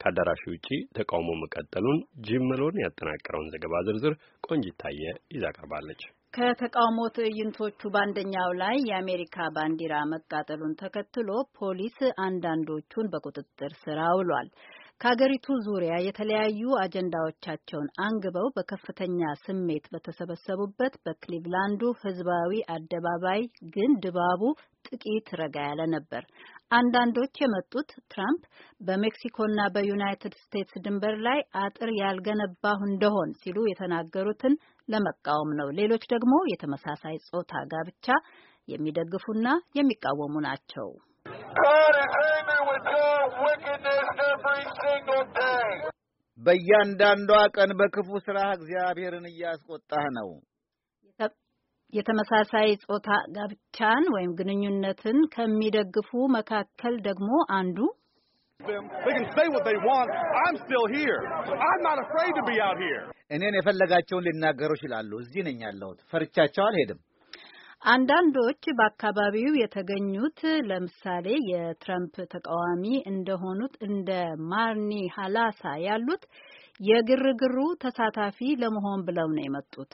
ከአዳራሹ ውጪ ተቃውሞ መቀጠሉን ጂም መሎን ያጠናቀረውን ዘገባ ዝርዝር ቆንጂት ታየ ይዛ ቀርባለች። ከተቃውሞ ትዕይንቶቹ በአንደኛው ላይ የአሜሪካ ባንዲራ መቃጠሉን ተከትሎ ፖሊስ አንዳንዶቹን በቁጥጥር ስር አውሏል። ከሀገሪቱ ዙሪያ የተለያዩ አጀንዳዎቻቸውን አንግበው በከፍተኛ ስሜት በተሰበሰቡበት በክሊቭላንዱ ሕዝባዊ አደባባይ ግን ድባቡ ጥቂት ረጋ ያለ ነበር። አንዳንዶች የመጡት ትራምፕ በሜክሲኮና በዩናይትድ ስቴትስ ድንበር ላይ አጥር ያልገነባሁ እንደሆን ሲሉ የተናገሩትን ለመቃወም ነው። ሌሎች ደግሞ የተመሳሳይ ጾታ ጋብቻ የሚደግፉና የሚቃወሙ ናቸው። በእያንዳንዷ ቀን በክፉ ስራ እግዚአብሔርን እያስቆጣህ ነው። የተመሳሳይ ጾታ ጋብቻን ወይም ግንኙነትን ከሚደግፉ መካከል ደግሞ አንዱ እኔን የፈለጋቸውን ሊናገሩ ይችላሉ። እዚህ ነኝ ያለሁት። ፈርቻቸው አልሄድም። አንዳንዶች በአካባቢው የተገኙት ለምሳሌ የትረምፕ ተቃዋሚ እንደሆኑት እንደ ማርኒ ሀላሳ ያሉት የግርግሩ ተሳታፊ ለመሆን ብለው ነው የመጡት።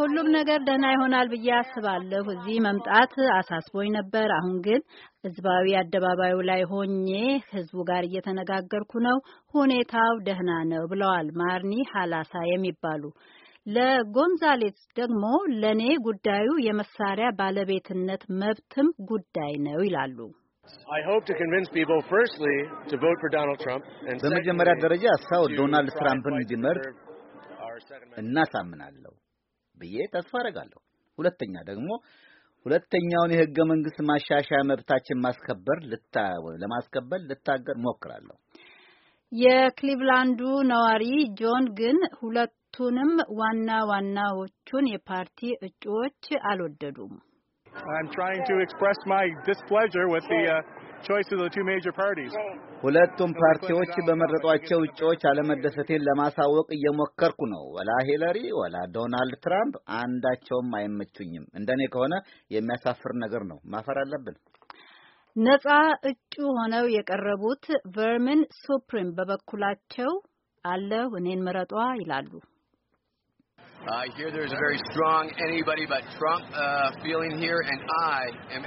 ሁሉም ነገር ደህና ይሆናል ብዬ አስባለሁ። እዚህ መምጣት አሳስቦኝ ነበር። አሁን ግን ህዝባዊ አደባባዩ ላይ ሆኜ ህዝቡ ጋር እየተነጋገርኩ ነው። ሁኔታው ደህና ነው ብለዋል ማርኒ ሀላሳ የሚባሉ ለጎንዛሌስ ደግሞ ለኔ ጉዳዩ የመሳሪያ ባለቤትነት መብትም ጉዳይ ነው ይላሉ። በመጀመሪያ ደረጃ ሰው ዶናልድ ትራምፕን እንዲመርጥ እናሳምናለሁ ብዬ ተስፋ አደርጋለሁ። ሁለተኛ ደግሞ ሁለተኛውን የህገ መንግስት ማሻሻያ መብታችን ማስከበር ለማስከበር ልታገር ሞክራለሁ። የክሊቭላንዱ ነዋሪ ጆን ግን ሁለቱንም ዋና ዋናዎቹን የፓርቲ እጩዎች አልወደዱም። ሁለቱም ፓርቲዎች በመረጧቸው እጩዎች አለመደሰቴን ለማሳወቅ እየሞከርኩ ነው። ወላ ሂለሪ ወላ ዶናልድ ትራምፕ አንዳቸውም አይመቹኝም። እንደኔ ከሆነ የሚያሳፍር ነገር ነው። ማፈር አለብን። ነጻ እጩ ሆነው የቀረቡት ቨርሚን ሱፕሪም በበኩላቸው አለ እኔን ምረጧ ይላሉ።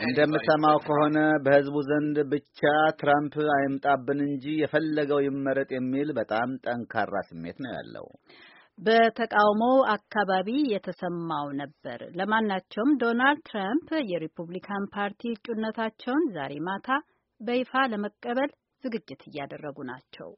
እንደምሰማው ከሆነ በህዝቡ ዘንድ ብቻ ትራምፕ አይምጣብን እንጂ የፈለገው ይመረጥ የሚል በጣም ጠንካራ ስሜት ነው ያለው። በተቃውሞው አካባቢ የተሰማው ነበር። ለማናቸውም ዶናልድ ትራምፕ የሪፑብሊካን ፓርቲ እጩነታቸውን ዛሬ ማታ በይፋ ለመቀበል ዝግጅት እያደረጉ ናቸው።